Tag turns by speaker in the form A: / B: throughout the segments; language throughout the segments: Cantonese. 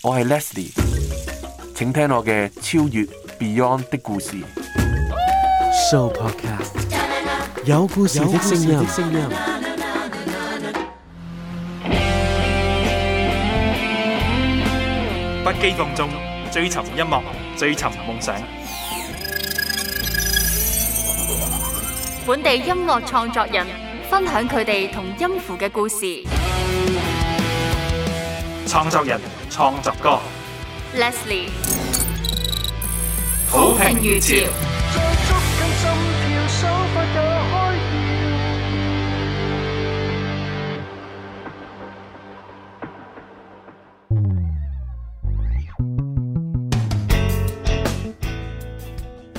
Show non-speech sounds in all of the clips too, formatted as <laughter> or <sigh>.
A: 我係 Leslie，請聽我嘅超越 Beyond 的故事
B: Show Podcast，有故事的聲音，
A: 不羈放縱，追尋音樂，追尋夢想。本地音樂創作
C: 人分享佢哋同音符嘅故事，
A: 創作人。
B: 創作歌，Leslie，好評如潮。
A: <music>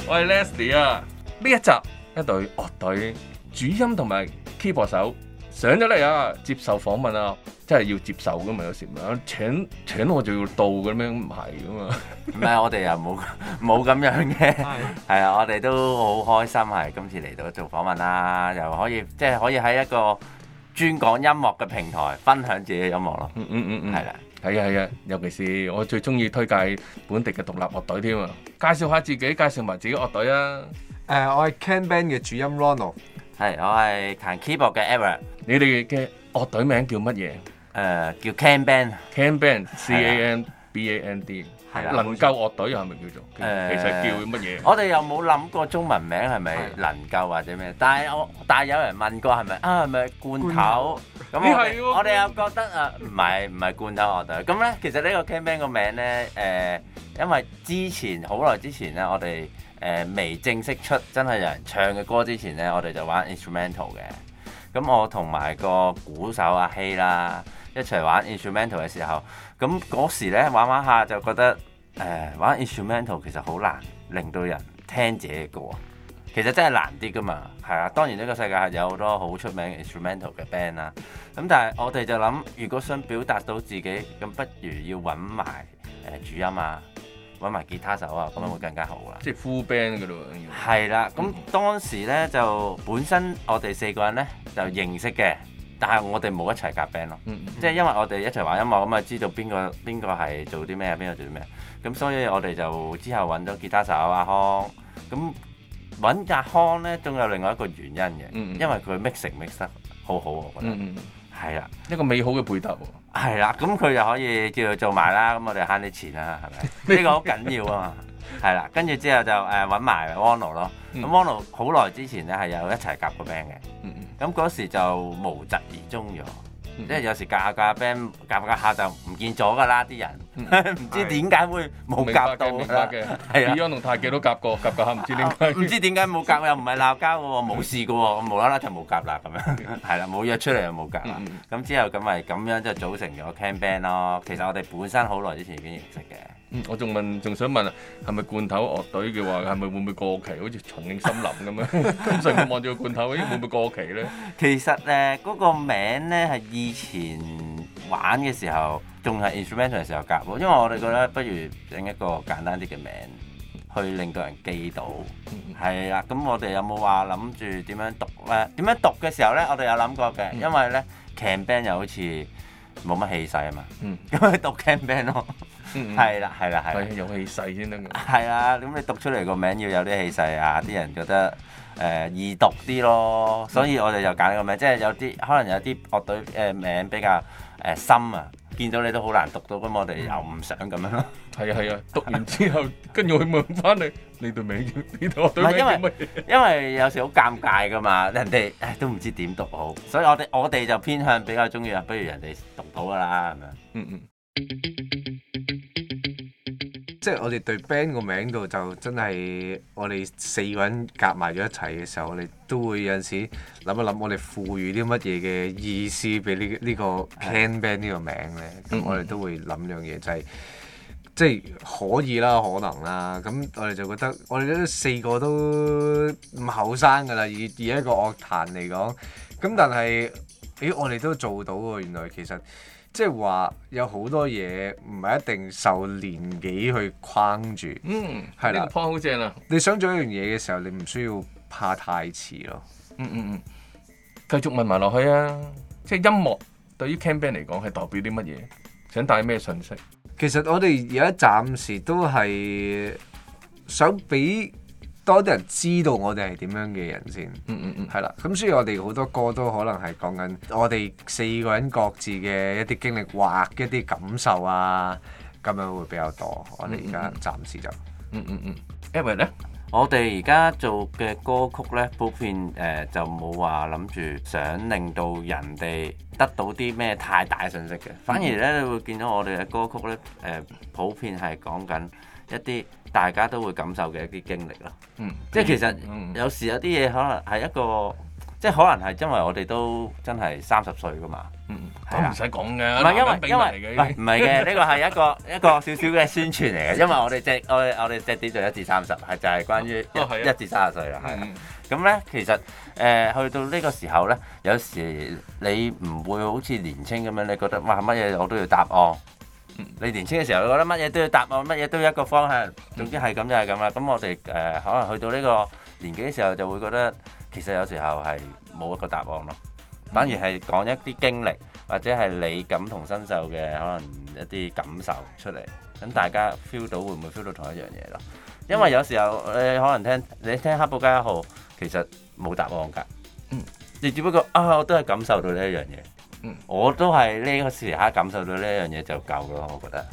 A: 我係 Leslie 啊，呢一集一隊樂隊主音同埋 keyboard 手上咗嚟啊，接受訪問啊。真係要接受㗎嘛？有時
D: 請請我就要到咁樣，唔係㗎嘛？唔係，我哋又冇冇咁樣嘅。係啊，我哋都好開心，係今次嚟到做訪問啦，又可以即係可以喺一個專講音樂嘅平台分享自己嘅音樂咯。嗯嗯嗯，係
A: 啦，係啊係啊，尤其是我最鍾意推介本地嘅獨立樂隊添啊！介紹下自
E: 己，介紹埋自己樂隊啊！誒，我係 Ken Band 嘅主音 Ronald，係我係
D: 彈 Keyboard 嘅 Ever。
A: 你哋嘅樂隊名叫乜嘢？誒，叫 Can Band，Can
D: Band C A N B A N D，能夠樂隊係咪叫做？誒，其實叫乜嘢？我哋又冇諗過中文名係咪能夠或者咩？但係我，但係有人問過係咪啊？係咪罐頭咁，我我哋又覺得啊，唔係唔係罐頭樂隊咁咧。其實呢個 Can Band 個名咧誒，因為之前好耐之前咧，我哋誒未正式出真係有人唱嘅歌之前咧，我哋就玩 instrumental 嘅。咁我同埋個鼓手阿希啦，一齊玩 instrumental 嘅時候，咁嗰時呢玩玩下就覺得誒玩 instrumental 其實好難令到人聽自己嘅歌。其實真係難啲噶嘛，係啊，當然呢個世界係有好多好出名 instrumental 嘅 band 啦，咁但係我哋就諗，如果想表達到自己，咁不如要揾埋主音啊。揾埋吉他手啊，咁樣會更加好噶。即係 full band 噶咯。係啦，咁當時咧就本身我哋四個人咧就認識嘅，但係我哋冇一齊夾 band 咯。即係、嗯嗯、因為我哋一齊玩音樂，咁啊知道邊個邊個係做啲咩，邊個做啲咩。咁所以我哋就之後揾咗吉他手阿康。咁揾阿康咧，仲有另外一個原因嘅。嗯嗯、因為佢 mix mix 得好好，我覺得。嗯嗯嗯係啦，啊、一個美好嘅配搭喎。係啦、啊，咁佢就可以叫佢做埋啦，咁 <laughs> 我哋慳啲錢啦、啊，係咪？呢 <laughs> 個好緊要啊嘛。係啦、啊，跟住之後就誒揾埋安樂咯。咁安樂好耐之前咧係有一齊夾過 band 嘅，咁嗰、嗯嗯嗯、時就無疾而終咗。嗯、即係有時夾下夾 band，夾下就唔見咗㗎啦啲人，唔、嗯、知點解會冇夾到。明白嘅，係啊 Beyond 同太極都夾過，夾下唔知點，唔知點解冇夾，又唔係鬧交喎，冇事嘅喎，嗯、無啦啦就冇夾啦咁樣，係啦，冇約出嚟就冇夾啦。咁、嗯嗯、之後咁咪咁樣就係組成咗 can band 咯。其實我哋本身好耐之前已經認識嘅。嗯，我仲問，仲想問啊，係咪罐頭樂隊嘅話，係咪會唔會過期？好似重慶森林咁樣，咁成日望住個罐頭，咦會唔會過期咧？其實咧，嗰個名咧係以前玩嘅時候，仲係 instrument 嘅時候夾喎，因為我哋覺得不如整一個簡單啲嘅名，去令到人記到。係啦，咁我哋有冇話諗住點樣讀咧？點樣讀嘅時候咧，我哋有諗過嘅，因為咧，can band 又好似。冇乜氣勢啊嘛，咁佢讀 campaign 咯，係啦係啦係，有氣勢先得嘅，係啊。咁你讀出嚟個名要有啲氣勢啊，啲人覺得誒、呃、易讀啲咯。所以我哋就揀個名，即係有啲可能有啲樂隊誒名比較誒、呃、深啊。見到你都好難讀到，咁我哋又唔想咁樣咯。係啊係啊，讀完之後跟住我去問翻你呢度名叫邊度？因為因為有時好尷尬噶嘛，人哋唉都唔知點讀好，所以我哋我哋就偏向比較中意不如人哋讀到噶啦，係咪啊？嗯嗯。即係我哋對 band 個名度就真
E: 係我哋四個人夾埋咗一齊嘅時候，我哋都會有陣時諗一諗，我哋賦予啲乜嘢嘅意思俾呢呢個 hand band 呢個名咧。咁、uh huh. 我哋都會諗樣嘢，就係即係可以啦，可能啦。咁我哋就覺得，我哋都四個都唔後生噶啦，以以一個樂壇嚟講。咁但係，咦？我哋都做到喎。原來其實。即係話有好多嘢唔係一定受年紀去框住，嗯，係啦的，呢個 point 好正啊！你想做一樣嘢嘅時候，你唔需要怕太遲咯。嗯嗯
A: 嗯，繼、嗯、續問埋落去啊！即係音樂對於 Camden 嚟講係代表啲乜嘢？想
E: 帶咩信息？其實我哋而家暫時都係想俾。多啲人知道我哋係點樣嘅人先，嗯嗯嗯，係啦，咁所以我哋好多歌都可能係講緊我哋四個人各自嘅一啲經歷或、或者一啲感
D: 受啊，咁樣會比較多。我哋而家暫時就，嗯嗯嗯，因為咧，我哋而家做嘅歌曲咧，普遍誒、呃、就冇話諗住想令到人哋得到啲咩太大信息嘅，反而咧你會見到我哋嘅歌曲咧，誒、呃、普遍係講緊一啲。大家都會感受嘅一啲經歷咯，嗯，即係其實有時有啲嘢可能係一個，即係可能係因為我哋都真係三十歲㗎嘛，嗯，
A: 咁唔使講嘅，唔係因為因為
D: 唔係嘅，呢個係一個一個少少嘅宣傳嚟嘅，因為我哋即係我我哋即啲就一至三十，係就係關於一至三十歲啊，係，咁咧其實誒去到呢個時候咧，有時你唔會好似年青咁樣，你覺得哇乜嘢我都要答哦。你年輕嘅時候，你覺得乜嘢都要答案、啊，乜嘢都要一個方向。總之係咁就係咁啦。咁我哋誒、呃、可能去到呢個年紀嘅時候，就會覺得其實有時候係冇一個答案咯、啊。
F: 反而係
D: 講一啲經歷，或者係你感同身受嘅可能一啲感受出嚟，咁大家 feel 到會唔會 feel 到同一樣嘢咯、啊？因為有時候你可能聽你聽黑布加一號，其實冇答案㗎。你只不過啊，我都係感受到呢一樣嘢。嗯、我都係呢個時刻感受到呢樣嘢就夠嘅咯，我覺得。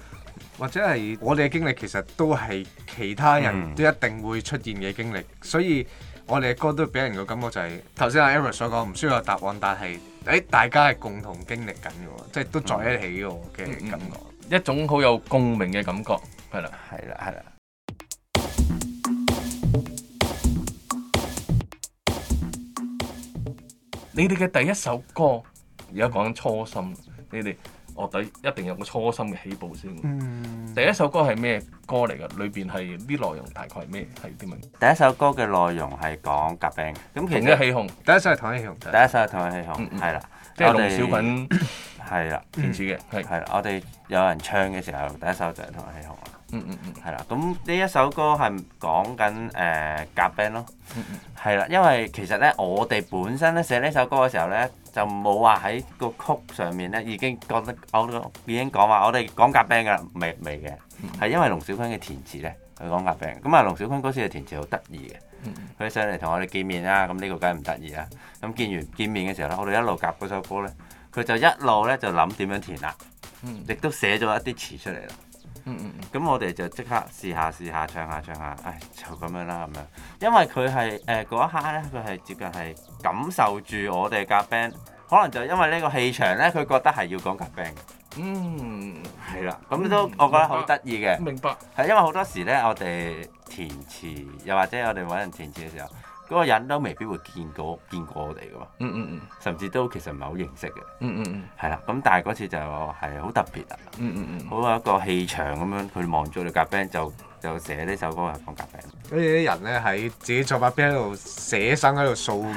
D: 或者係我哋嘅經歷，其實都係其他人都一定
E: 會出現嘅經歷，嗯、所以我哋嘅歌都俾人嘅感覺就係頭先阿、e、Eric 所講，唔需要有答案，但係誒大家係共同經歷緊嘅喎，即係都在一起嘅感覺，嗯、
A: 一種好有共鳴嘅感覺，係啦，係啦，係啦。你哋嘅第一首歌。而家講緊初心，你哋樂隊一定有個初心嘅起步先。第一首歌係咩歌嚟㗎？裏邊係啲內容大概係咩？
E: 係啲咩？
D: 第一首歌嘅內容係講夾餅。咁其實氣雄，第一首係唐氣雄。第一首係唐氣雄，係啦、啊，即係龍小品，係啦， <coughs> 天使嘅，係、嗯，係啦，就係、我哋有人唱嘅時候，第一首就係唐氣雄。嗯嗯嗯，係啦，咁呢一首歌係講緊誒夾 band 咯，係啦、嗯嗯，因為其實咧我哋本身咧寫呢首歌嘅時候咧，就冇話喺個曲上面咧已經覺得好已經講話我哋講夾 band 噶未未嘅，係、嗯嗯、因為龍小坤嘅填詞咧，佢講夾 band，咁啊龍小坤嗰時嘅填詞好得意嘅，佢、嗯嗯、上嚟同我哋見面啦，咁呢個梗係唔得意啦，咁見完見面嘅時候咧，我哋一路夾嗰首歌咧，佢就一路咧就諗點樣填啦，亦都寫咗一啲詞出嚟啦。嗯嗯咁、嗯、我哋就即刻試下試下唱下唱下，唉就咁樣啦咁樣，因為佢係誒嗰一刻咧，佢係接近係感受住我哋夾 band，可能就因為呢個氣場咧，佢覺得係要講夾 band。嗯，係啦、嗯，咁都我覺得好得意嘅，明白。係因為好多時咧，我哋填詞又或者我哋搵人填詞嘅時候，.嗰個人都未必會見過見過我哋噶嘛，嗯嗯、甚至都其實唔係好認識嘅，係啦、嗯。咁、嗯嗯嗯、但係嗰次就係好特別啊，好有一個氣場咁樣，佢望住我哋夾 band 就就寫呢首歌嚟放夾 band。
E: 跟住啲人咧，喺自己作法 band 喺度寫生喺度
D: 掃，我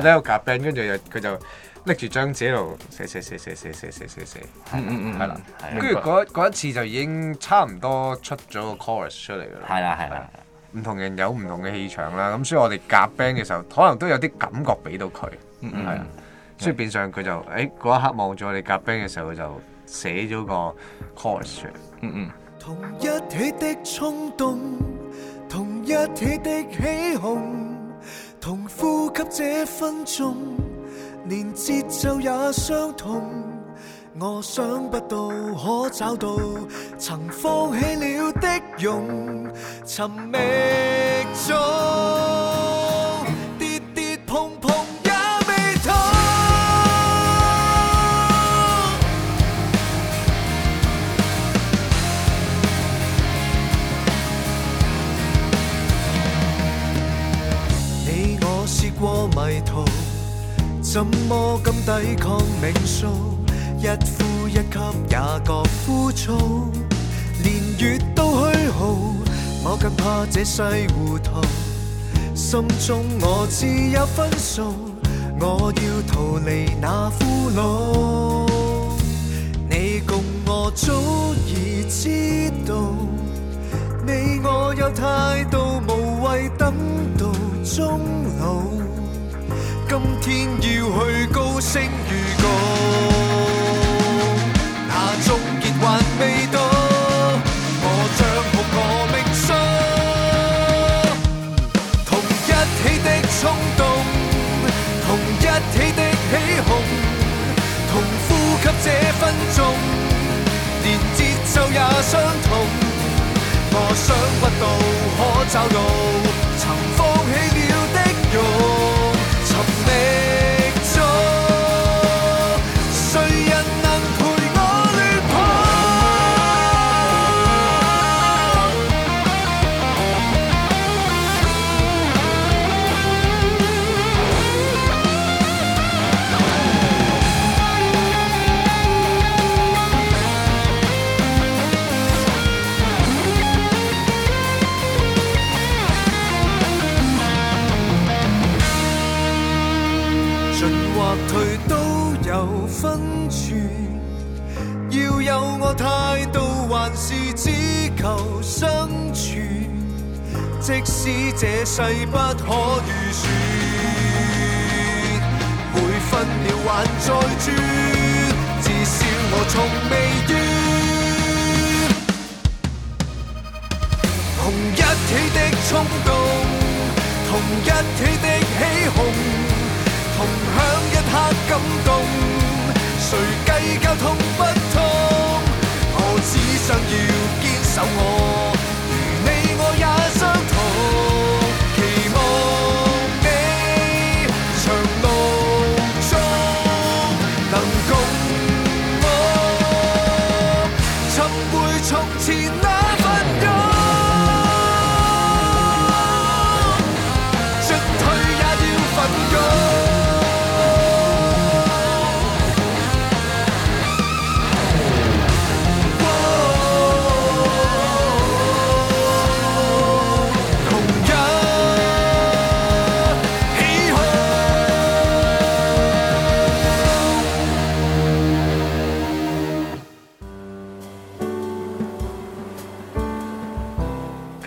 D: 哋喺度夾 band，跟住
E: 佢就拎住張紙喺度寫寫寫寫寫寫寫寫，係
F: 啦，跟
E: 住嗰一次就已經差唔多出咗個 chorus 出嚟㗎啦。係啦、啊，係啦、啊。唔同人有唔同嘅氣場啦，咁所以我哋夾 band 嘅時候，可能都有啲感覺俾到佢，
F: 係
E: 啊，所以變相佢就，誒嗰一刻望咗我哋夾 band 嘅時候，佢就寫咗個 chorus，嗯嗯。
B: 同一起的衝動，同一起的起哄，同呼吸這分鐘，連節奏也相同。我想不到可找到，曾放棄了的勇，尋覓中跌跌碰碰也未停。 <noise> 你我試過迷途，怎麼敢抵抗命數？一呼一吸也覺枯燥，年月都虛耗，我更怕這世糊塗，心中我自有分數，我要逃離那俘虜。你共我早已知道，你我有態度，無謂等到終。連節奏也相同，我想不到可找到。知這世不可預算，每分秒還在轉，至少我從未怨。 <music> 同一起的衝動，同一起的起哄，同享一刻感動，誰計較痛不痛？我只想要堅守我。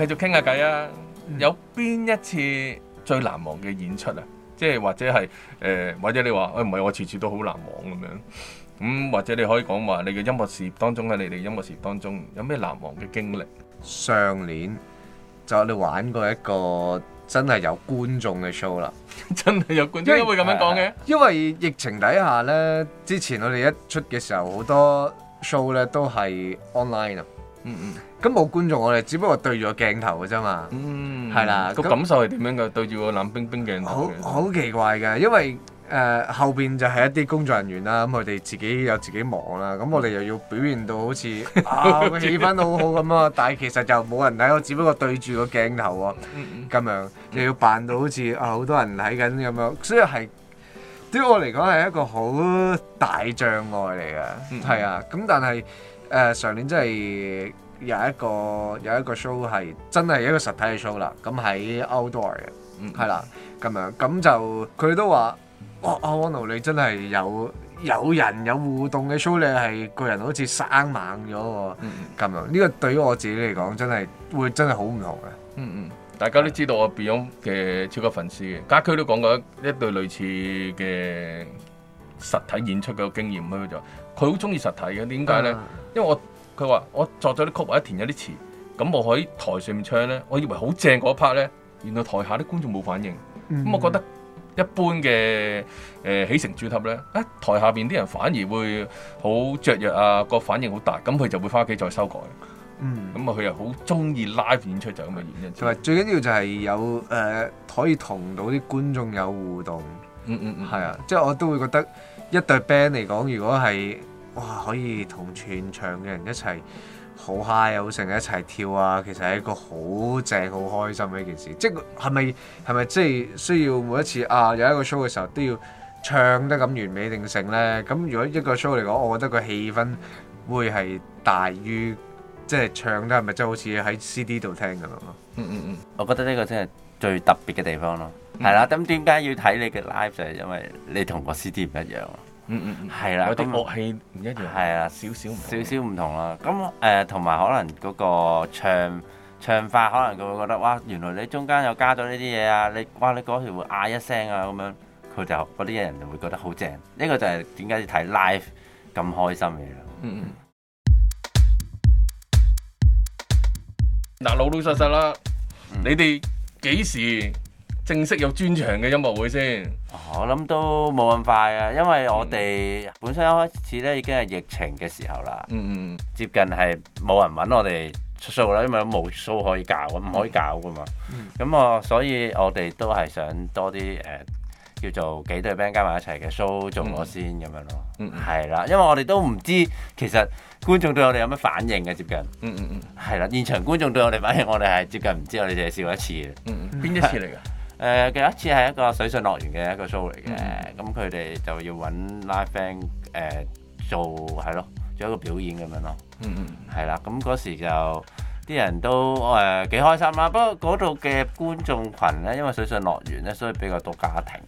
A: 繼續傾下偈啊！有邊一次最難忘嘅演出啊？即係或者係誒、呃，或者你話誒唔係我次次都好難忘咁樣。咁、嗯、或者你可以講話你嘅音樂事業當中喺你哋音
E: 樂事業當中有咩難忘嘅經歷？上年就我哋玩過一個真係有觀眾嘅 show 啦， <laughs> 真係有觀眾。點解會咁樣講嘅、呃？因為疫情底下呢，之前我哋一出嘅時候好多 show 呢都係 online 啊。嗯嗯，咁冇觀眾我哋，只不過對住個鏡頭嘅啫嘛。
F: 嗯，係啦，個感受係
E: 點樣嘅？對住個冷冰冰鏡頭。好好奇怪嘅，因為誒後邊就係一啲工作人員啦，咁我哋自己有自己忙啦。咁我哋又要表現到好似啊氣氛好好咁啊，但係其實就冇人睇我，只不過對住個鏡頭喎。嗯咁樣又要扮到好似啊好多人睇緊咁樣，所以係對我嚟講係一個好大障礙嚟嘅。係啊，咁但係。誒上、uh, 年真係有一個有一個 show 係真係一個實體嘅 show 啦，咁喺 Outdoor 嘅，係啦咁樣，咁、hmm. 就佢都話，哇、mm，阿、hmm. 哦、你真係有有人有互動嘅 show 你係個人好似生猛咗喎，咁、mm hmm. 樣呢、這個對於我自己嚟講真係會真係好唔同嘅。嗯嗯、mm，hmm. 大家
A: 都知道我 Beyond 嘅超級粉絲嘅，家駒都講過一,一對類似嘅實體演出嘅經驗，咁就。佢好中意實體嘅，點解咧？啊、因為我佢話我作咗啲曲或者填有啲詞，咁我喺台上面唱咧，我以為好正嗰 part 咧，原來台下啲觀眾冇反應，咁、嗯嗯嗯、我覺得一般嘅誒、呃、起承轉合咧，啊台下邊啲人反而會好雀弱啊，個反應好大，咁佢就會
E: 翻屋企再修改。嗯，
A: 咁啊佢又好中意 live 演出就咁嘅原因。同
E: 埋最緊要就係有誒、呃、可以同到啲觀眾有互動。嗯嗯嗯，係啊，即係我都會覺得。一隊 band 嚟講，如果係哇，可以同全場嘅人一齊好嗨 i 又好成，日一齊跳啊！其實係一個好正、好開心嘅一件事。即係咪係咪即係需要每一次啊有一個 show 嘅時候都要唱得咁完美定性呢？咁如果一個 show 嚟講，我覺得個氣氛會係大
D: 於即係唱得係咪即係好似喺 CD 度聽咁咯？嗯嗯嗯，我覺得呢個真係最特別嘅地方咯。係啦，咁點解要睇你嘅 live 就係因為你同個 CD 唔一樣咯。嗯嗯嗯，係啦，有啲樂器唔一樣。係啊，少少少少唔同咯。咁誒，同埋可能嗰個唱唱法，可能佢會覺得哇，原來你中間又加咗呢啲嘢啊！你哇，你嗰時會嗌一聲啊，咁樣佢就嗰啲人就會覺得好正。呢個就係點解要睇 live 咁開心嘅。嗯嗯。嗱，老老實實啦，你哋幾時？正式有專場嘅音樂會先，我諗都冇咁快啊，因為我哋本身一開始咧已經係疫情嘅時候啦。嗯
F: 嗯，
D: 接近係冇人揾我哋出 show 啦，因為冇 show 可以搞，唔可以搞噶嘛。咁我所以我哋都係想多啲誒，叫做幾隊 band 加埋一齊嘅 show 做咗先咁樣咯。嗯，係啦，因為我哋都唔知其實觀眾對我哋有乜反應嘅接近。嗯嗯嗯，係啦，現場觀眾對我哋反應，我哋係接近唔知，我哋就係笑一次。
F: 嗯，邊一次嚟㗎？
D: 誒，有、呃、一次係一個水上樂園嘅一個 show 嚟嘅，咁佢哋就要揾 live band、呃、做係咯，做一個表演咁樣咯。嗯、mm hmm. 嗯。係啦，咁嗰時就啲人都誒、呃、幾開心啊。不過嗰度嘅觀眾群呢，因為水上樂園呢，所以比較多家庭，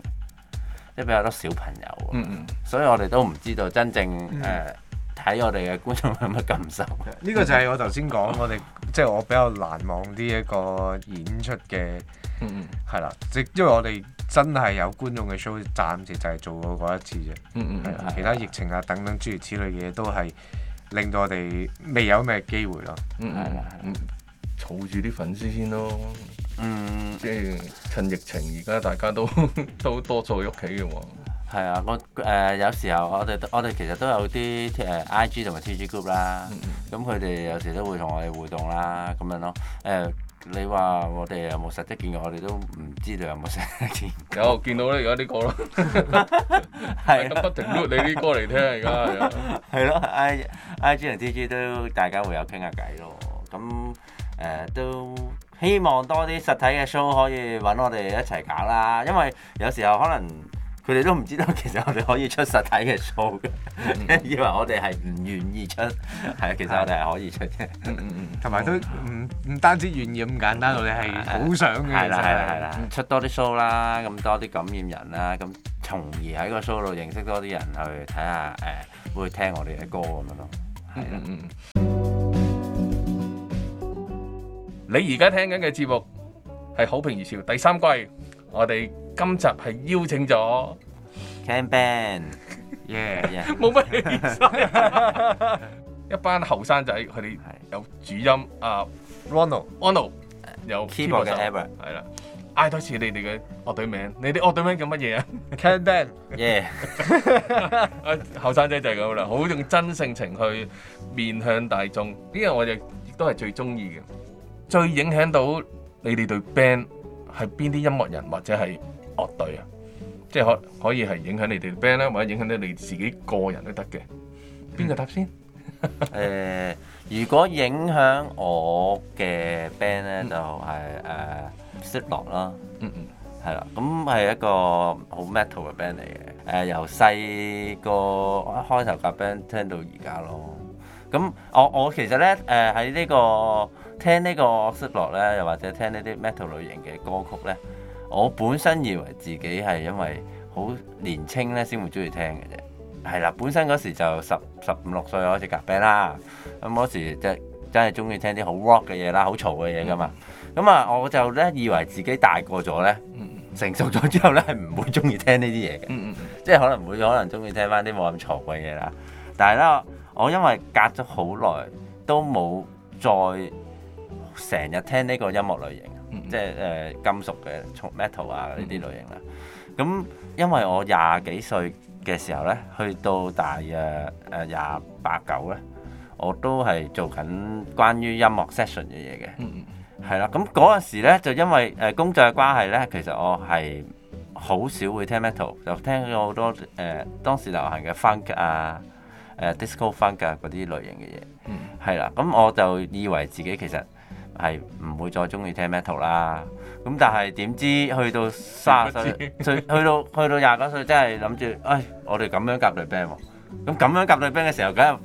D: 即比較多小朋友。嗯嗯、mm。Hmm. 所以我哋都唔知道真正誒。Mm hmm. 呃睇我哋嘅觀眾有乜感
E: 受，
F: <laughs> 呢個就係我頭先
E: 講，我哋即係我比較難忘啲一個演出嘅，show，嗯嗯，係啦的，即因為我哋真係有觀眾嘅 show，暫時就係做過嗰一次啫，嗯嗯，其他疫情啊等等，等，等諸如此類嘢都係令到我哋未有咩機會咯，嗯嗯嗯，儲住啲粉絲先咯，嗯，即係
D: 趁疫情而家大家都都多坐喺屋企嘅喎。係啊，我誒、呃、有時候我哋我哋其實都有啲誒、呃、IG 同埋 TG group 啦，咁佢哋有時都會同我哋互動啦，咁樣咯。誒、呃，你話我哋有冇實際見過？我哋都唔知道有冇實際見。有見到咧，而家呢個咯，係不停 loop 你啲歌嚟聽，而家係。係咯、 <laughs> 啊、IG 同 TG 都大家會有傾下偈咯。咁誒、呃、都希望多啲實體嘅 show 可以揾我哋一齊搞啦，因為有時候可能。佢哋都唔知道，其實我哋可以出實體嘅 show 嘅， <laughs> 以為我哋係唔願意出，係啊，其實我哋係可以出嘅。同埋、 <laughs> 嗯嗯嗯、都唔唔單止願意咁簡單，我哋係好想嘅。係啦係啦係啦，出多啲 show 啦，咁多啲感染人啦，咁從而喺個 show 度認識多啲人去睇下誒，會、嗯嗯、聽我哋嘅歌咁樣咯。係，嗯嗯，你而家聽緊嘅節目係《
A: 好評如潮》第三季。我哋今集係邀請咗 Can Band，yeah yeah，冇乜意
D: 思，
A: 一班後生仔，佢哋有主音啊 Ronald，Ronald 有 keyboard 嘅 Ever，係啦，嗌多次你哋嘅樂隊名，你哋樂隊名叫乜嘢啊？Can Band，yeah，後生仔就係咁啦，好用真性情去面向大眾，呢樣我就亦都係最中意嘅，最影響到你哋隊 band。係邊啲音樂人或者係樂隊啊？即係可可以係影響你哋 band，咧，
D: 或者影響到你自己個人都得嘅。邊個答先？誒，如果影響我嘅 band 咧，就係誒 Slipknot 啦。嗯嗯，係啦，咁係一個好 metal 嘅 band 嚟嘅。誒，由細個一開頭夾 band 聽到而家咯。咁我我其實咧誒喺呢個。聽個洛呢個失落咧，又或者聽呢啲 metal 類型嘅歌曲咧，我本身以為自己係因為好年輕咧，先會中意聽嘅啫。係啦，本身嗰時就十十五六歲開始夾 band 啦，咁嗰時即真係中意聽啲好 rock 嘅嘢啦，好嘈嘅嘢㗎嘛。咁啊，我就咧以為自己大個咗咧，成熟咗之後咧，係唔會中意聽呢啲嘢嘅， <laughs> 即係可能會可能中意聽翻啲冇咁嘈嘅嘢啦。但係咧，我因為隔咗好耐，都冇再。成日聽呢個音樂類型，即係誒金屬嘅 metal 啊呢啲類型啦。咁因為我廿幾歲嘅時候咧，去到大約誒廿八九咧，我都係做緊關於音樂 session 嘅嘢嘅，係啦。咁嗰陣時咧，就因為誒工作嘅關係咧，其實我係好少會聽 metal，就聽咗好多誒當時流行嘅 funk 啊、誒 disco funk 嗰啲類型嘅嘢，係啦。咁我就以為自己其實。係唔會再中意聽 metal 啦，咁但係點知去到三十歲，最 <laughs> 去到去到廿九歲，真係諗住，唉，我哋咁樣夾對 band 喎，喔，咁咁樣夾對 band 嘅時候，梗係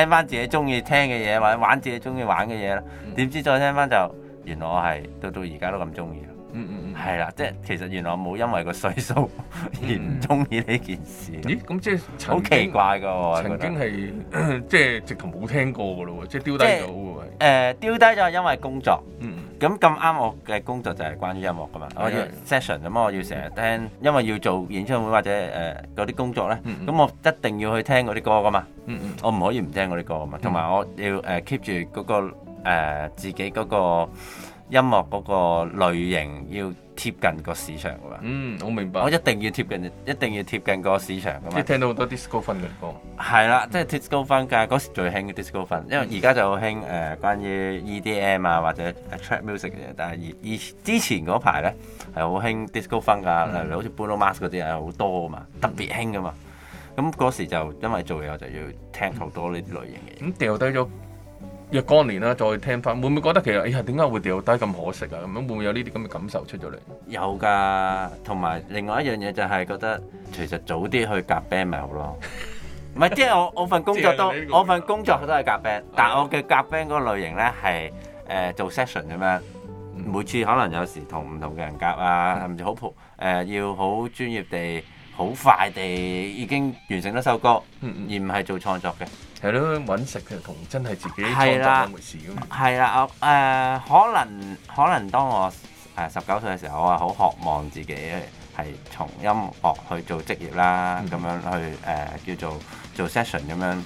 D: 聽翻自己中意聽嘅嘢，或者玩自己中意玩嘅嘢啦。點、嗯、知再聽翻就，原來我係到到而家都咁中意。嗯嗯嗯，係啦，即係其實原來我冇因為個歲數而唔中意呢件事。咦？咁即係好奇怪㗎喎。曾經係即係直頭冇聽過㗎咯喎，即係丟低咗喎。誒，丟低咗因為工作。嗯嗯。咁咁啱我嘅工作就係關於音樂㗎嘛，我要 session 咁啊，我要成日聽，因為要做演唱會或者誒嗰啲工作咧，咁我一定要去聽嗰啲歌㗎嘛。嗯嗯。我唔可以唔聽嗰啲歌啊嘛，同埋我要誒 keep 住嗰個誒自己嗰個。音樂嗰個類型要貼近個市場㗎嘛，嗯，我明白，我一定要貼近，一定要貼近個市場㗎嘛。即係聽到
A: 好多 disco fun 嘅歌，
D: 係啦， <laughs> 即、就、係、是、disco fun 但係嗰時最興 disco fun，因為而家就興誒、呃、關於 EDM 啊或者 trap music 嘅嘢，但係以之前嗰排咧係好興 disco fun 㗎，好似 Bruno Mars 嗰啲係好多㗎嘛，特別興㗎嘛。咁嗰時就因為做嘢我就要聽好多呢啲類型嘅。嘢、嗯。咁掉低咗。
A: 若干年啦，再聽返，會唔會覺得其實，哎呀，點解會掉低咁可惜啊？咁樣會唔會有呢啲咁嘅感受
D: 出咗嚟？有㗎，同埋另外一樣嘢就係覺得，其實早啲去夾 band 咪好咯。唔係，即係我我份工作都我份工作都係夾 band，但係我嘅夾 band 嗰個類型咧係誒做 session 咁樣，每次可能有時同唔同嘅人夾啊，甚至好誒要好專業地、好快地已經完成一首歌，而唔係做創作嘅。係咯，揾食其實同真係自己創作冇乜事㗎嘛。係啦，我、呃、可能可能當我誒十九歲嘅時候，我係好渴望自己係從音樂去做職業啦，咁、嗯、樣去誒、呃、叫做做 session 咁樣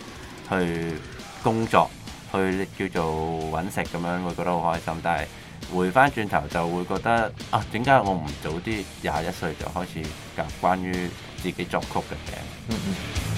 D: 去工作，去叫做揾食咁樣會覺得好開心。但係回翻轉頭就會覺得啊，點解我唔早啲廿一歲就開始講關於自己作曲嘅嘢？嗯嗯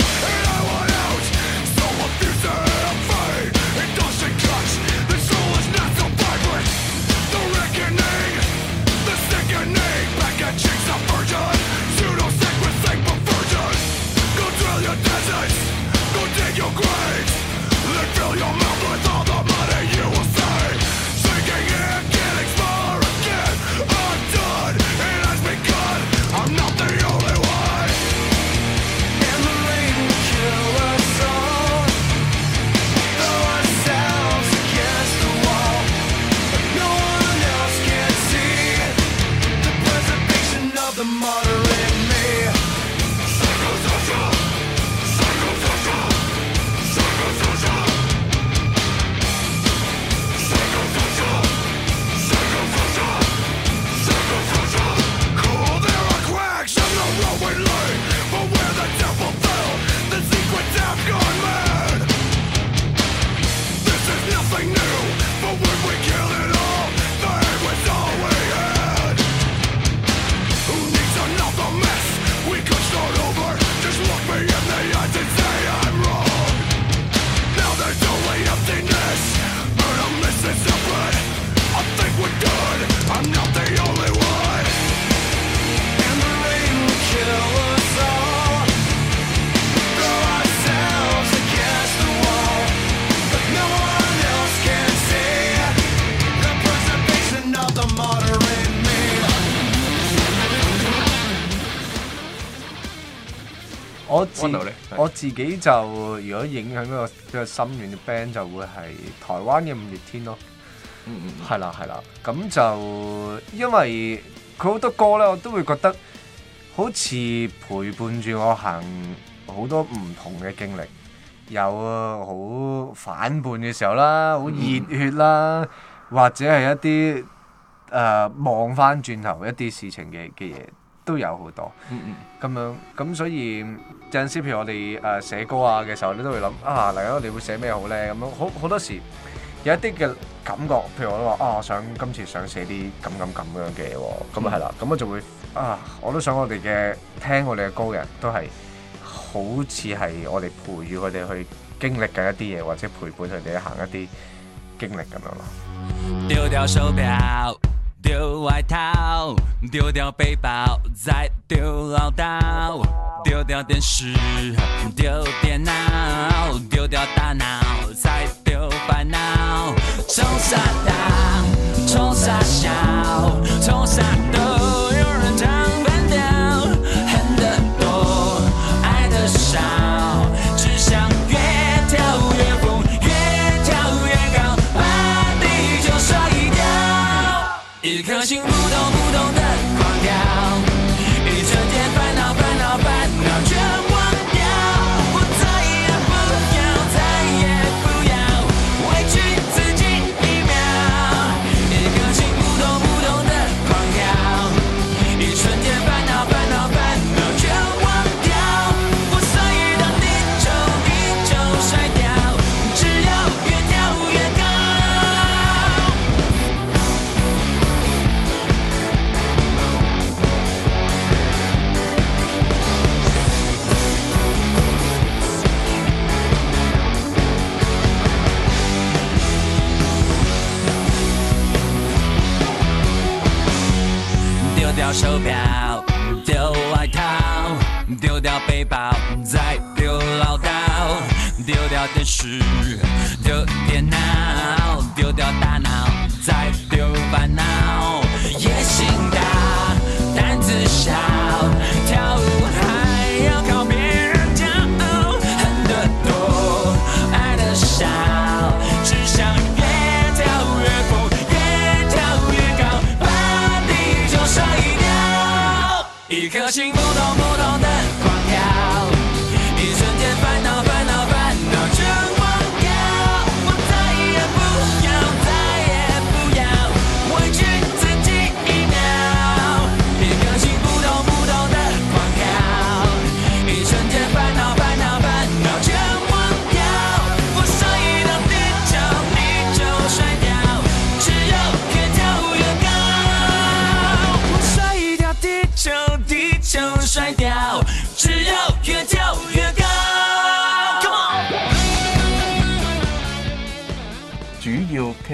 E: 自己就如果影響嗰個嗰個深遠 band 就會係台灣嘅五月天咯，嗯係啦係啦，咁、hmm. 就因為佢好多歌咧，我都會覺得好似陪伴住我行好多唔同嘅經歷，有好反叛嘅時候啦，好熱血啦，mm hmm. 或者係一啲誒望返轉頭一啲事情嘅嘅嘢都有好多，嗯咁、mm hmm. 樣咁所以。有陣時，譬如我哋誒寫歌啊嘅時候，你都會諗啊嚟啊，我哋會寫咩好咧？咁樣好好多時有一啲嘅感覺，譬如我話啊，我想今次想寫啲咁咁咁樣嘅嘢喎。咁啊係啦，咁我就會啊，我都想我哋嘅聽我哋嘅歌嘅人都係好似係我哋培育佢哋去經歷嘅一啲嘢，或者陪伴佢哋行一啲經歷咁樣
C: 咯。丟外套，丟掉背包，再丟嘮叨，丟掉電視，丟，可心不懂。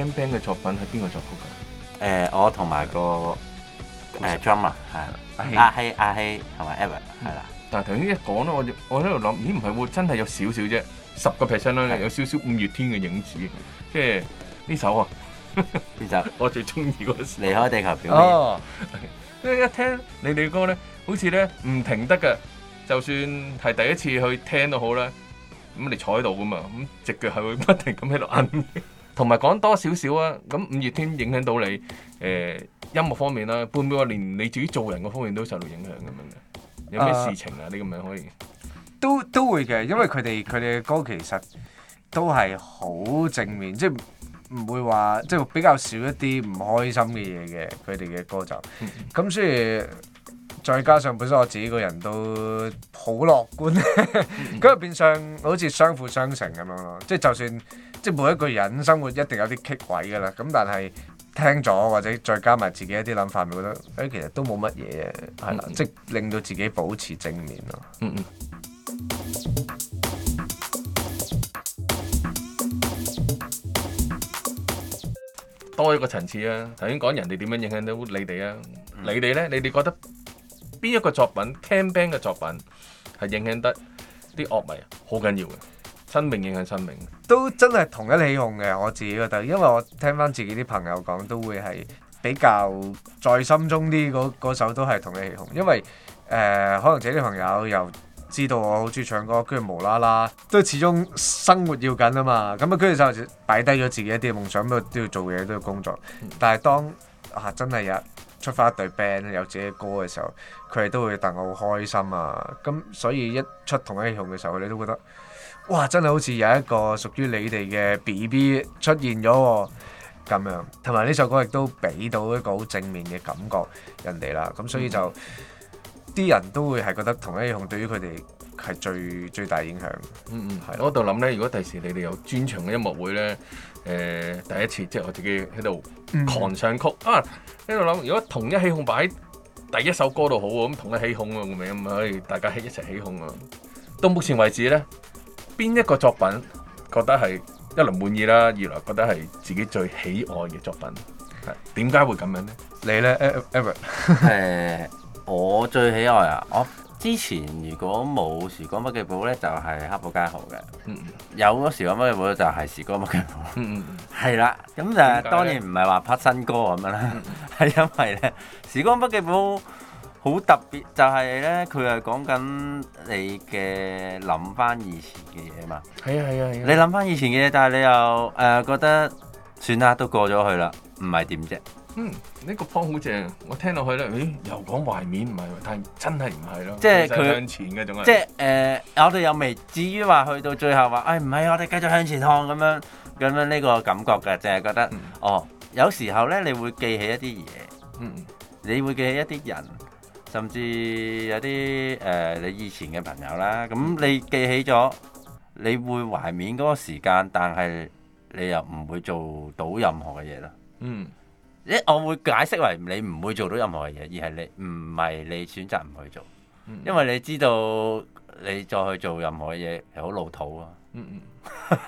A: Band 嘅作品係邊個作曲㗎？
D: 誒、嗯，我同埋、嗰個誒 Drummer 阿希阿希同埋 Ever 啦。欸 UM ER, 啊啊啊啊嗯、
A: 但係頭先一講咧，我我喺度諗，咦唔係喎，真係有少少啫，十個 percent 啦，有少少五月天嘅影子。即係呢首啊，呢首我最中意嗰首《離開地球表面》啊。一聽你哋嘅歌咧，好似咧唔停得㗎，就算係第一次去聽都好啦。咁你坐喺度㗎嘛，咁隻腳係會不停咁喺度摁。那個同埋講多少少啊！咁五月天影響到你誒、呃、音樂方面啦，會唔會話連你自己做人嗰方面都受到影響咁樣？有咩事情啊？Uh, 你咁樣可以
E: 都都會嘅，因為佢哋佢哋嘅歌其實都係好正面，即係唔會話即係比較少一啲唔開心嘅嘢嘅，佢哋嘅歌就咁所以。再加上本身我自己個人都樂嗯嗯 <laughs> 好樂觀，咁啊變相好似相輔相成咁樣咯。即係就算即係每一個人生活一定有啲棘位㗎啦。咁但係聽咗或者再加埋自己一啲諗法，咪覺得誒、哎、其實都冇乜嘢係啦。即令到自己保持正面咯。
A: 多一個層次啊！頭先講人哋點樣影響到你哋啊？嗯、你哋呢？你哋覺得？邊一個作品，camping 嘅作品係影響得啲樂迷，好緊要嘅，生
E: 命影響生命。都真係同一起同嘅，我自己覺得，因為我聽翻自己啲朋友講，都會係比較在心中啲嗰首都係同一起同，因為誒、呃、可能自己啲朋友又知道我好中意唱歌，跟住無啦啦都始終生活要緊啊嘛，咁啊跟住就擺低咗自己一啲夢想，都要做嘢都要工作，但係當啊真係有。出翻一隊 band 有自己嘅歌嘅時候，佢哋都會戥我好開心啊！咁所以一出《同一英雄》嘅時候，你都覺得，哇！真係好似有一個屬於你哋嘅 BB 出現咗咁、啊、樣，同埋呢首歌亦都俾到一個好正面嘅感覺人哋啦。咁所以就啲、嗯、人都會係覺得《同一英雄》對於佢哋係最最大影響嗯。嗯嗯，係我喺度諗
A: 呢，如果第時你哋有專場嘅音樂會呢。誒，第一次即係我自己喺度狂唱曲啊！喺度諗，如果同一起哄，擺第一首歌度好喎，咁同一起哄啊，咁咪，大家喺一齊起哄啊！到目前為止咧，邊一個作品覺得係一嚟滿意啦，二嚟覺得係自己最喜愛嘅作品，
D: 係點解會咁樣咧？你咧，Ever，誒，我最喜愛啊，哦。之前如果冇時光筆記簿咧，就係、是、黑布加號嘅。
F: 嗯、
D: 有個時光筆記簿咧，就係時光筆記簿。係啦， <laughs> 咁就當然唔係話拍新歌咁樣啦。係、嗯、 <laughs> 因為咧，時光筆記簿好特別就呢，就係咧佢係講緊你嘅諗翻以前嘅嘢嘛。係啊係啊。啊。啊你諗翻以前嘅嘢，但係你又誒、呃、覺得算啦，都過咗去啦，唔係點啫？
A: 嗯，呢、這個方好正，我聽落去咧，咦、欸，又講懷緬唔係，但真係唔係咯。即係佢向前嘅種
D: 啊。即係誒、呃，我哋又未至於話去到最後話，誒唔係，我哋繼續向前看咁樣咁樣呢個感覺㗎，淨係、是、覺得、嗯、哦，有時候咧，你會記起一啲嘢、嗯，你會記起一啲人，甚至有啲誒、呃、你以前嘅朋友啦。咁你記起咗，你會懷緬嗰個時間，但係你又唔會做到任何嘅嘢咯。嗯。我會解釋為你唔會做到任何嘢，而係你唔係你選擇唔去做，因為你知道你再去做任何嘢係好老土啊。嗯嗯，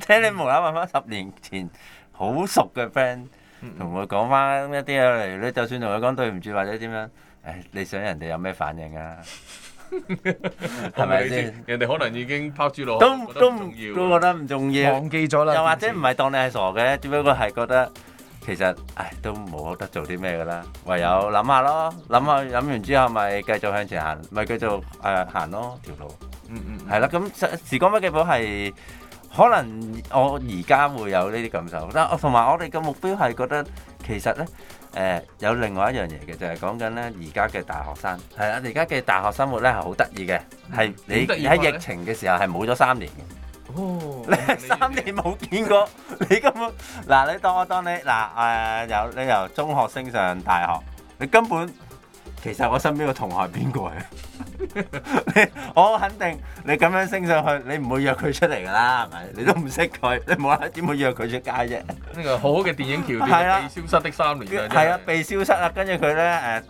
D: 即係你無啦啦揾翻十年前好熟嘅 friend，同佢講翻一啲嘢，你就算同佢講對唔住或者點樣，誒你想人哋有咩反應啊？係咪先？人哋可能已經拋諸腦後，都都覺得唔重要，忘記咗啦。又或者唔係當你係傻嘅，只不過係覺得。其實，唉，都冇得做啲咩噶啦，唯有諗下咯，諗下諗完之後咪繼續向前行，咪繼續誒、呃、行咯條路。嗯，嗯嗯，係啦，咁時光筆記本係可能我而家會有呢啲感受，但同埋我哋嘅目標係覺得其實咧，誒、呃、有另外一樣嘢嘅就係、是、講緊咧而家嘅大學生。係啊，而家嘅大學生活咧係好得意嘅，係、嗯、你喺疫情嘅時候係冇咗三年嘅。你喺三年冇見過， <laughs> 你根本嗱，你當我當你嗱誒，由、呃、你由中學升上大學，你根本其實我身邊個同學係邊個啊？ <laughs> <laughs> 我肯定你咁樣升上去，你唔會約佢出嚟噶啦，係咪？你都唔識佢，你冇啦，點會約佢出街啫？呢個好嘅電影橋段，係啦， <laughs> 啊，消失的三年啊，係啊，被消失啊，跟住佢咧誒，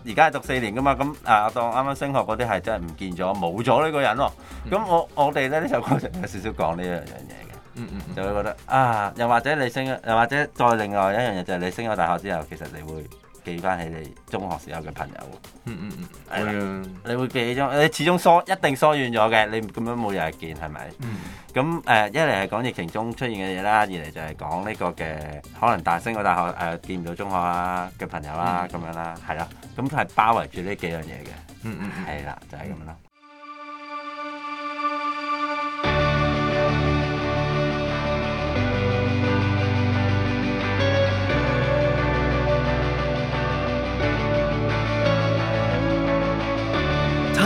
D: 而家係讀四年噶嘛，咁啊，當啱啱升學嗰啲係真係唔見咗，冇咗呢個人咯。咁、嗯、我我哋咧呢首歌就有少少講呢一樣嘢嘅。嗯，嗯嗯，就會覺得啊，又或者你升，又或者再另外一樣嘢就係、是、你升咗大學之後，其實你會。記翻起你中學時候嘅朋友，嗯嗯嗯，係、嗯、啦，吧嗯、你會記起，你始終疏一定疏遠咗嘅，你咁樣冇日見係咪？咁誒、嗯呃，一嚟係講疫情中出現嘅嘢啦，二嚟就係講呢個嘅可能大升過大學誒、呃、見唔到中學呀嘅朋友啦，咁、嗯、樣啦，係啦，咁係包圍住呢幾樣嘢嘅、嗯，嗯、就是、樣嗯，係啦，就係咁啦。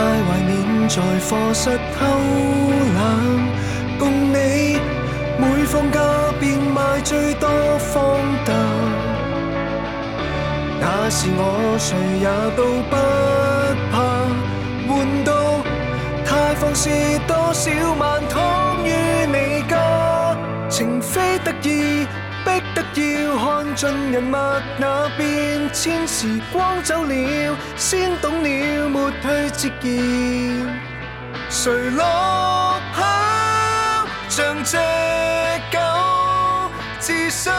B: 太懷念在課室偷懶，共你每放假便買最多方糖。那時我誰也都不怕，換到太放肆多少萬趟。 <music> <music> 要看盡人物那變遷，時光走了，先懂了沒退捷徑。誰落跑像隻狗，自信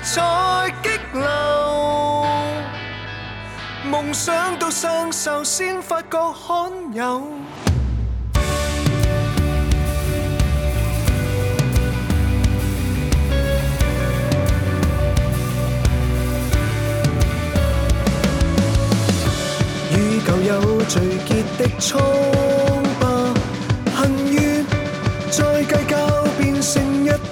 B: 在激流，夢想到上受先發覺罕有。舊有聚結的瘡疤，恨怨再計較變成一。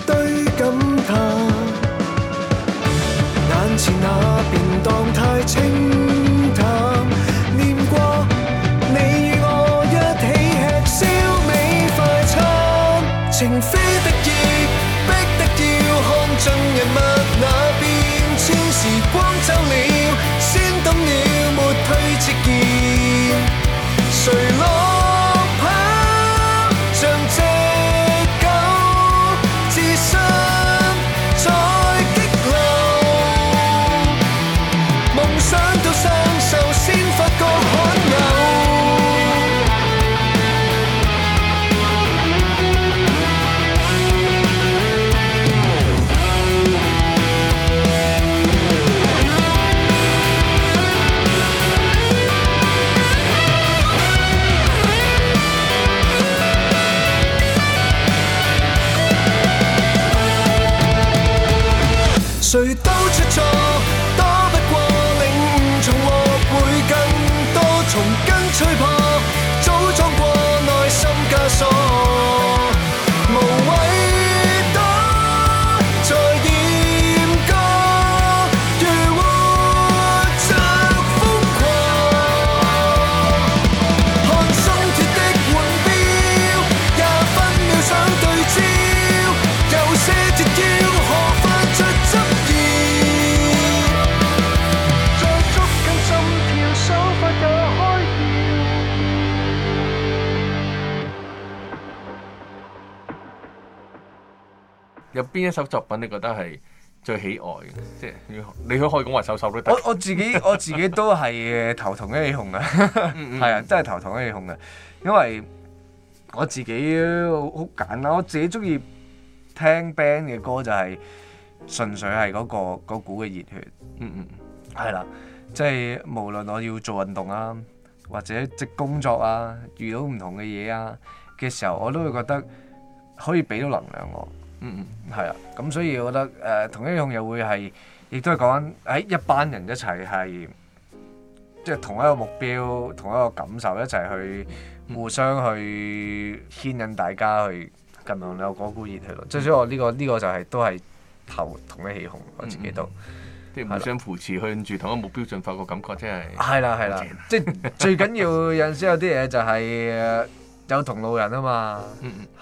A: 呢一首作品你覺得係最喜愛嘅？即係你
E: 可可以講話首首都得。我自己我自己都係頭痛，一起紅啊。係啊，都係頭痛一起紅啊。因為我自己好揀啦，我自己中意聽 band 嘅歌就係純粹係嗰個嗰股嘅熱血。嗯嗯，係啦，即係無論我要做運動啊，或者即工作啊，遇到唔同嘅嘢啊嘅時候，我都會覺得可以俾到能量我。嗯嗯，係啊，咁所以我覺得誒同一樣又會係，亦都係講緊一班人一齊係，即係同一個目標、同一個感受一齊去互相去牽引大家去，近咁樣有嗰股熱氣咯。即係所以我呢個呢個就係都係頭同起同，我自己都即係互相扶持，向住同一個目標進發個感覺，真係。係啦係啦，即係最緊要有陣時有啲嘢就係。有同路人啊嘛，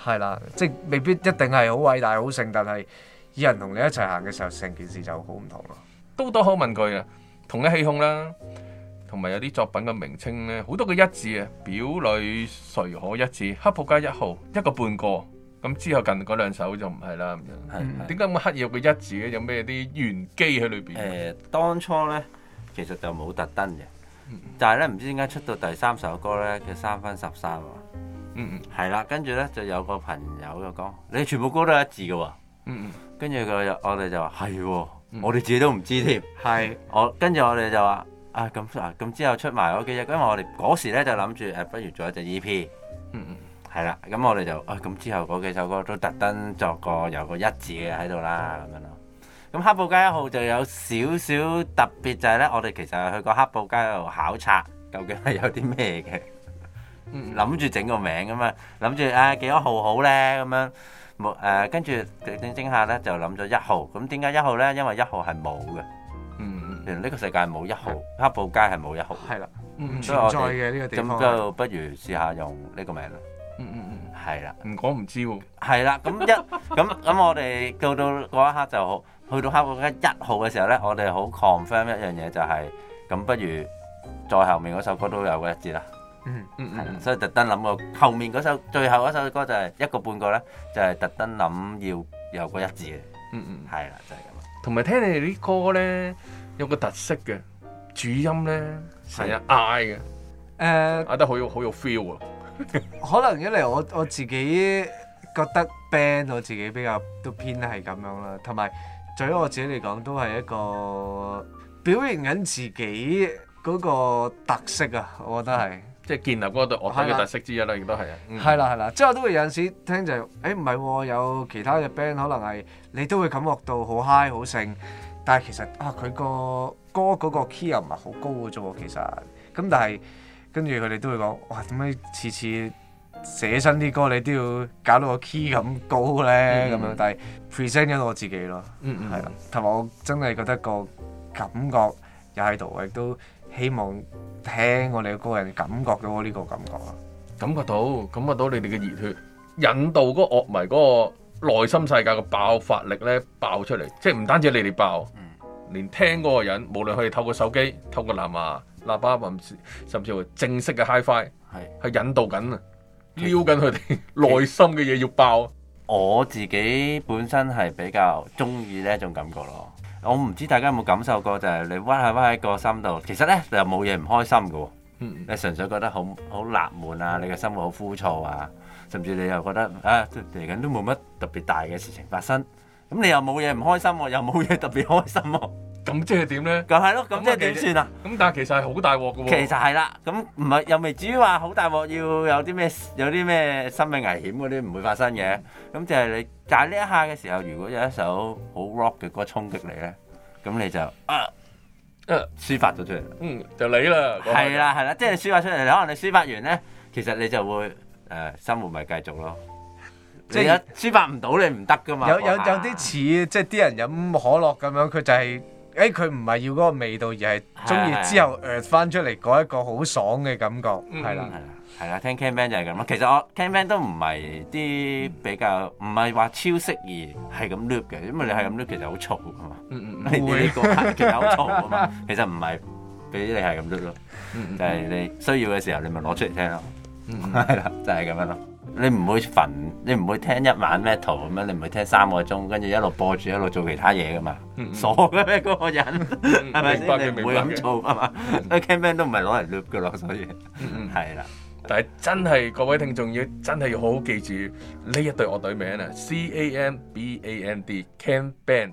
E: 係啦，即係未必一定係好偉大好聖，但係有人同你一齊行嘅時候，成件事就好唔同咯。都多好問句啊，同一氣胸啦，同埋有啲作品嘅名稱咧，好多個一字
A: 啊，表裏誰可一致，黑仆街一號，一個半個，咁之後近嗰
D: 兩首就唔係啦咁樣。係點解咁嘅刻意用嘅一字咧？有咩啲玄機喺裏邊？誒，當初咧其實就冇特登嘅，但係咧唔知點解出到第三首歌咧，叫三分十三。嗯嗯，係啦，跟住咧就有個朋友就講，你全部歌都係一字嘅喎。嗯嗯，跟住佢我哋就話係，我哋自己都唔知添。係，我跟住我哋就話，啊咁啊咁之後出埋嗰幾隻，因為我哋嗰時咧就諗住誒，不如做一隻 E.P。嗯嗯，係啦，咁我哋就，啊咁之後嗰幾首歌都特登作個有個一字嘅喺度啦，咁樣咯。咁黑布街一號就有少少特別就係咧，我哋其實去過黑布街度考察，究竟係有啲咩嘅。諗住整個名咁嘛，諗住啊幾多號好咧咁樣，冇、啊、誒，跟住整整下咧就諗咗一號。咁點解一號咧？因為一號係冇嘅，嗯，原來呢個世界冇一號，的黑布街係冇一號，係啦的，我再嘅呢個地方。咁就不如試下用呢個名啦、嗯。嗯嗯嗯，係啦的，唔講唔知喎、啊。係啦，咁一咁咁，我哋到到嗰一刻就好。去到黑布街一號嘅時候咧，我哋好 confirm 一樣嘢就係、是，咁不如再後面嗰首歌都有一個一節啦。嗯嗯嗯，嗯對嗯所以特登諗過後面嗰首最後嗰首歌就係一個半個咧，就係特登諗要有個一字嘅，嗯嗯，係啦，就係咁
A: 啦。同埋聽你哋啲歌咧，
E: 有個特色嘅主音咧
A: 係啊，嗌嘅，誒，嗌得好
E: 有好有 feel 啊， <laughs> 可能一嚟我我自己覺得 band 我自己比較都偏係咁樣啦，同埋對於我自己嚟講都係一個表現緊自己嗰個特色啊，我覺得係。即係建立嗰個樂隊嘅特色之一啦，亦都係啊。係、嗯、啦，係啦，即係我都會有陣時聽就是，誒唔係喎，有其他嘅 band 可能係你都會感覺到好 high 好盛，但係其實啊佢個歌嗰個 key 又唔係好高嘅啫喎，其實。咁、嗯、但係跟住佢哋都會講，哇點解次次寫新啲歌你都要搞到個 key 咁高咧？咁、嗯、樣，但係 present 咗我自己咯，係啦，同埋我真係覺得個感覺又喺度，亦都希望。聽我哋嘅歌人感覺到呢個感覺啊，感覺到，感覺，感，覺到，感覺到你哋嘅熱血，引導嗰個樂迷嗰個
A: 內心世界嘅爆發力咧，爆出嚟，即係唔單止你哋爆，嗯、連聽嗰個人無論佢哋透過手機、嗯、透過藍牙、喇叭甚至甚至乎正式嘅 HiFi，係
D: 係引導緊啊，實撩緊佢哋內心嘅嘢要爆。我自己本身係比較中意呢一種感覺咯。我唔知大家有冇感受過，就係、是、你屈喺屈喺個心度，其實呢，你又冇嘢唔開心
F: 嘅。你
D: 純粹覺得好好納悶啊，你嘅生活好枯燥啊，甚至你又覺得啊，嚟緊都冇乜特別大嘅事情發生，咁你又冇嘢唔開心、啊，又冇嘢特別開心喎、啊。咁即係點咧？咁係咯，咁 <music> 即係點算啊？咁但係其實係好大鑊噶喎。其實係啦，咁唔係又未至於話好大鑊，要有啲咩有啲咩生命危險嗰啲唔會發生嘅。咁就係你但係呢一下嘅時候，如果有一首好 rock 嘅歌沖擊你咧，咁你就啊抒發咗出嚟。 <music> 嗯，就你啦。係啦係啦，即係抒發出嚟，可能你抒發完咧，其實你就會誒、呃、生活咪繼續咯。即係抒發唔到你唔得噶嘛。有說有有啲似即係啲人飲
E: 可樂咁樣，佢就係、是。誒佢唔係
D: 要嗰個味道，而係中意之後
E: 鋸翻出嚟嗰一個好爽嘅感覺。係
D: 啦，係啦，係啦，聽 can band 就係咁咯。其實我 can band 都唔係啲比較，唔係話超適宜係咁 loop 嘅，因為你係咁 loop 其實好燥噶嘛。唔會，其實好燥噶嘛。其實唔係俾你係咁 loop 咯，就係你需要嘅時候，你咪攞出嚟聽咯。係啦，就係咁樣咯。你唔會焚，你唔會聽一晚 metal 咁樣，你唔會聽三個鐘，跟住一路播住，一路做其他嘢噶嘛？嗯嗯傻嘅咩？嗰、嗰個人係咪先？嗯嗯明白白 <laughs> 你唔會咁做啊嘛？Cam Band 都唔係攞嚟 loop 嘅咯，所以係啦。
A: 嗯嗯了但係真係各位聽眾要真係要好好記住呢一隊樂隊名啊，C A M B A N D Cam Band。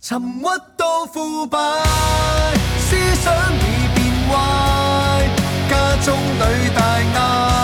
B: 沉鬱到腐敗，思想已變壞，家中女大嗌。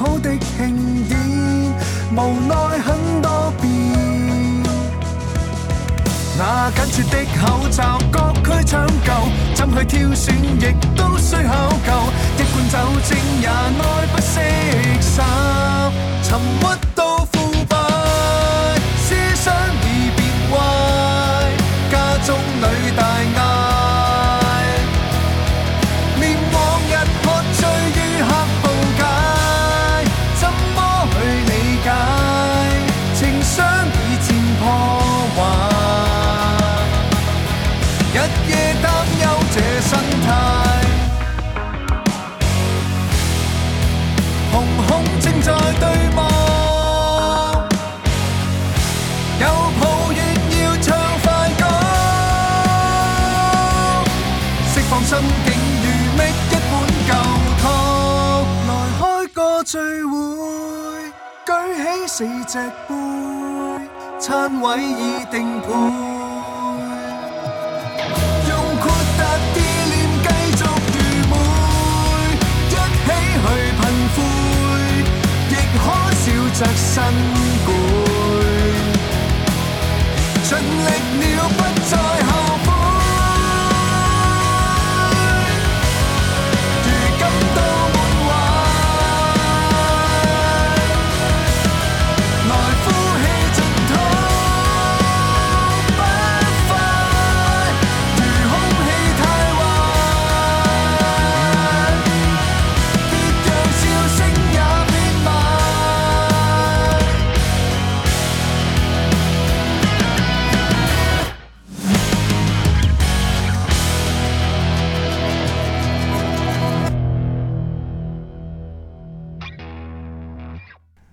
B: 好的慶典無奈很多變。那緊絀的口罩，各區搶救，怎去挑選亦都需考究。一罐酒精也愛不釋手，沉鬱。四隻杯，餐位已定配。用豁達意念繼續愚昧，一起去噴灰，亦可笑着身攰。盡力。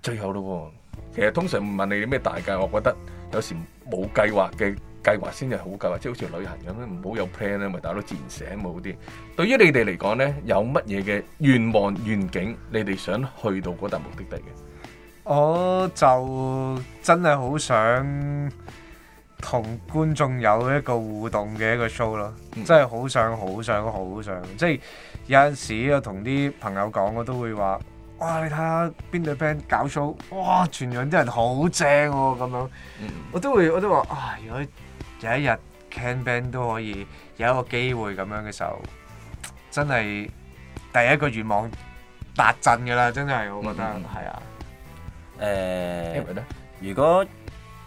A: 最後咯喎！其實通常唔問你咩大計，我覺得有時冇計劃嘅計劃先係好計劃，即係好似旅行咁樣，唔好有 plan 咧，咪打到自然醒咪好啲。對於你哋嚟講呢，有乜嘢嘅願望、願景，你哋想去到嗰笪目的地嘅？
E: 我就真係好想同觀眾有一個互動嘅一個 show 咯、嗯，真係好想、好想、好想！即係有陣時我同啲朋友講，我都會話。哇！你睇下邊隊 band 搞 show 哇！全場啲人好正喎，咁樣，嗯，我都會，我都會我都話啊！如果有一日 can band 都可以有一個機會咁樣嘅時候，真係
D: 第一個願望達陣嘅啦！真係，我覺得係、嗯、啊。誒、呃，因、hey, 如果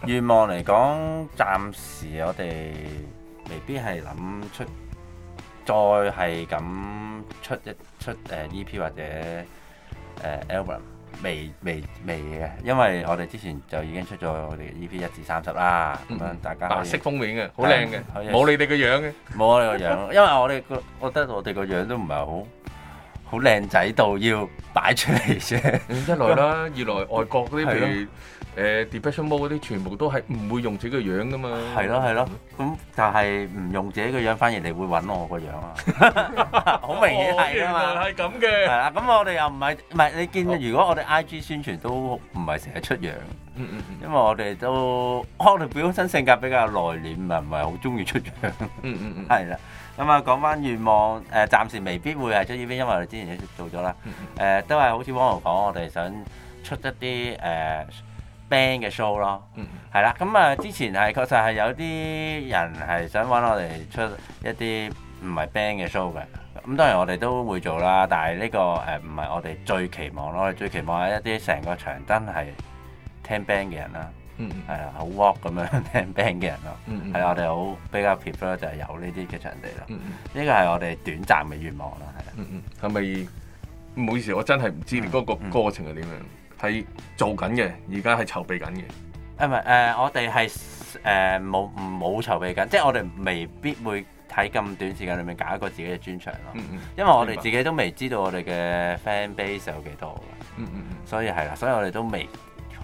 D: 願望嚟講，暫時我哋未必係諗出，再係咁出一出誒、uh, EP 或者。誒 album 未未未嘅，因為我哋之前就已經出咗我哋 EP 一至三十啦，咁、嗯、樣大家。白色封面嘅，好靚嘅，冇你哋個樣嘅，冇我哋個樣。 <laughs> 因為我哋個覺得我哋個樣都唔係好，好靚仔到要擺出嚟啫。嗯、 <laughs> 一來啦，
A: 二來外國嗰啲譬如。誒 depression mode 嗰啲全部都係唔會用自己個樣噶嘛，係咯，係咯，
D: 咁就係唔用自己個樣，反而你會揾我個樣啊？好明顯係啊嘛，係咁嘅，係啦，咁我哋又唔係唔係你見，如果我哋 IG 宣傳都唔係成日出樣，因為我哋都我哋本身性格比較內斂，咪唔係好中意出樣，嗯嗯嗯，係啦，咁啊講翻願望，誒暫時未必會係，因為因為我哋之前已經做咗啦，誒都係好似汪豪講，我哋想出一啲誒。band 嘅 show 咯，係啦、嗯，咁啊、嗯、之前係確實係有啲人係想揾我哋出一啲唔係 band 嘅 show 嘅，咁、嗯、當然我哋都會做啦，但係呢、呢個誒唔係我哋最期望咯，我哋最期望係一啲成個場真係聽 band 嘅人啦，係啊、嗯，好 work 咁樣聽 band 嘅人咯，係、嗯嗯、我哋好比較 prefer 就係有呢啲嘅場地咯，呢個係我哋短暫嘅願望啦，係啊，係咪唔好意思，我真係唔知嗰個過程係點樣？係
A: 做緊嘅，而家係籌備緊嘅。
D: 誒唔係誒，我哋係誒冇唔冇籌備緊，即係我哋未必會喺咁短時間裡面搞一個自己嘅專場咯。嗯、因為我哋自己都未知道我哋嘅 fan base 有幾多嘅，嗯嗯嗯、所以係啦，所以我哋都未。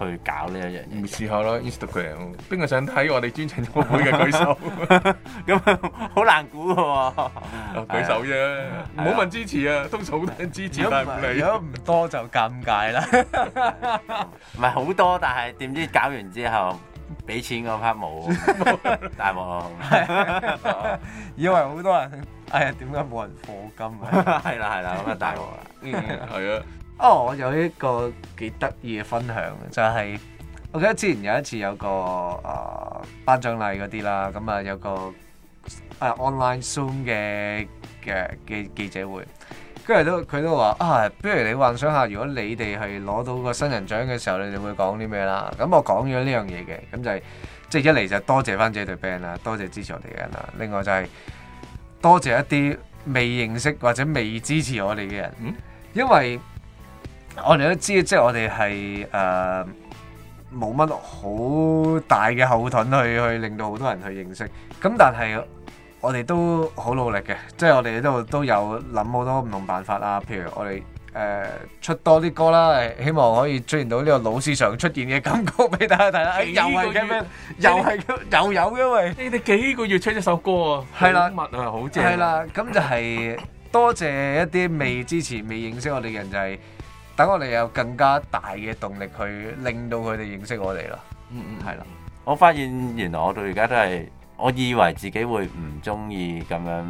D: 去搞呢一樣，唔試下咯，Instagram。
A: 邊個想睇我哋專程攞杯嘅舉手？咁好難估嘅喎，舉手啫。唔好問支
D: 持啊，通常好多人支
A: 持，但係唔嚟。如果
D: 唔多就尷尬啦。唔係好多，但係點知搞完之後俾錢嗰 part 冇大鑊，以為好多人。哎呀，點解冇人貨金啊？係啦係啦，咁就大鑊啦。嗯，係啊。
E: 哦，oh, 我有一個幾得意嘅分享，就係、是、我記得之前有一次有一個、呃、有個啊頒獎禮嗰啲啦，咁啊有個誒 online zoom 嘅嘅嘅記者會，跟住都佢都話啊，不如你幻想下，如果你哋係攞到個新人獎嘅時候，你哋會講啲咩啦？咁我講咗呢樣嘢嘅，咁就係即係一嚟就多謝翻自己隊 band 啦，多謝支持我哋嘅人啦，另外就係多謝一啲未認識或者未支持我哋嘅人，嗯，因為。我哋都知，即係我哋係誒冇乜好大嘅後盾去去令到好多人去認識。咁但係我哋都好努力嘅，即係我哋喺都，都有諗好多唔同辦法啊。譬如我哋誒、呃、出多啲歌啦，希望可以出現到呢個老市場出現嘅感覺俾大家睇啦、啊。又係咁樣？又係嘅，又，又有因喂！你
A: 哋幾個月出一首歌啊？係啦，
E: 好正、啊！啊、啦，咁就係、是、 <laughs> 多謝一啲未支持、未認識我哋嘅人就係、是。等我哋有更加大嘅動力去令到佢哋認識我哋咯。嗯嗯，係啦。
D: 我發現原來我到而家都係，我以為自己會唔中意咁樣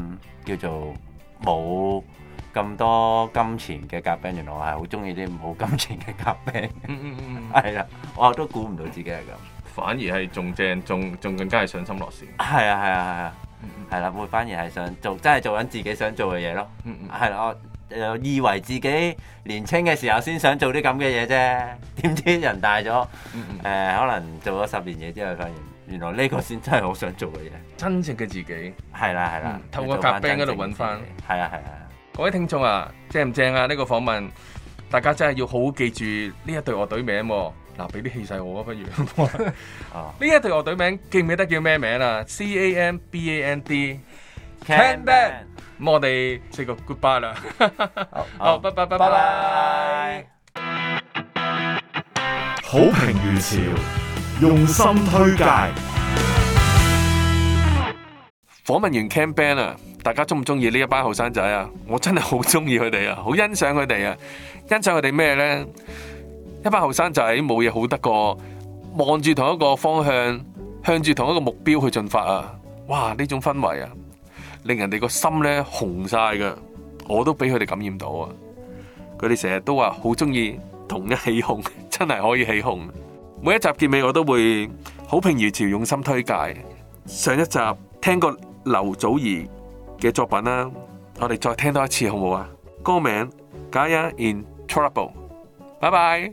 D: 叫做冇咁多金錢嘅嘉賓，原來我係好中意啲冇金錢嘅嘉賓。嗯嗯
F: 嗯，係
D: 啦。我都估唔到自己係咁，反而係仲正，仲仲更加係上心落線。係啊係啊係啊，係啦，我反而係想做，真係做緊自己想做嘅嘢咯。嗯嗯，係啦，我。就以為自己年青嘅時候先想做啲咁嘅嘢啫，點知人大咗，誒、呃、可能做咗十年嘢之後，發現原來呢個先真係好想做嘅嘢，真正嘅自己。係啦係啦，透過夾 b 嗰度揾翻，係啊係啊！嗯、
A: 各位聽眾啊，正唔正啊？呢、這個訪問，大家真係要好好記住呢一隊樂隊名、哦，嗱、啊，俾啲氣勢我啊不如，啊、 <laughs> 哦，呢一隊樂隊名記唔記得叫咩名啊？C A M B A N D Cam Band，咁我哋 say goodbye 啦，好，好，
C: 拜拜，拜拜。
A: 好評如潮，用心推介。訪問完 Cam Band 啊，大家鍾唔鍾意呢一班後生仔啊？我真係好鍾意佢哋啊，好欣賞佢哋啊，欣賞佢哋咩咧？一班後生仔冇嘢好得過，望住同一個方向，向住同一個目標去進發啊！哇，呢種氛圍啊！令人哋個心咧紅曬噶，我都俾佢哋感染到啊！佢哋成日都話好鍾意同一起紅，真係可以起紅。每一集結尾我都會好評如潮，用心推介。上一集聽過劉祖兒嘅作品啦，我哋再聽多一次好冇啊？歌名《解恩 In Trouble》，拜拜。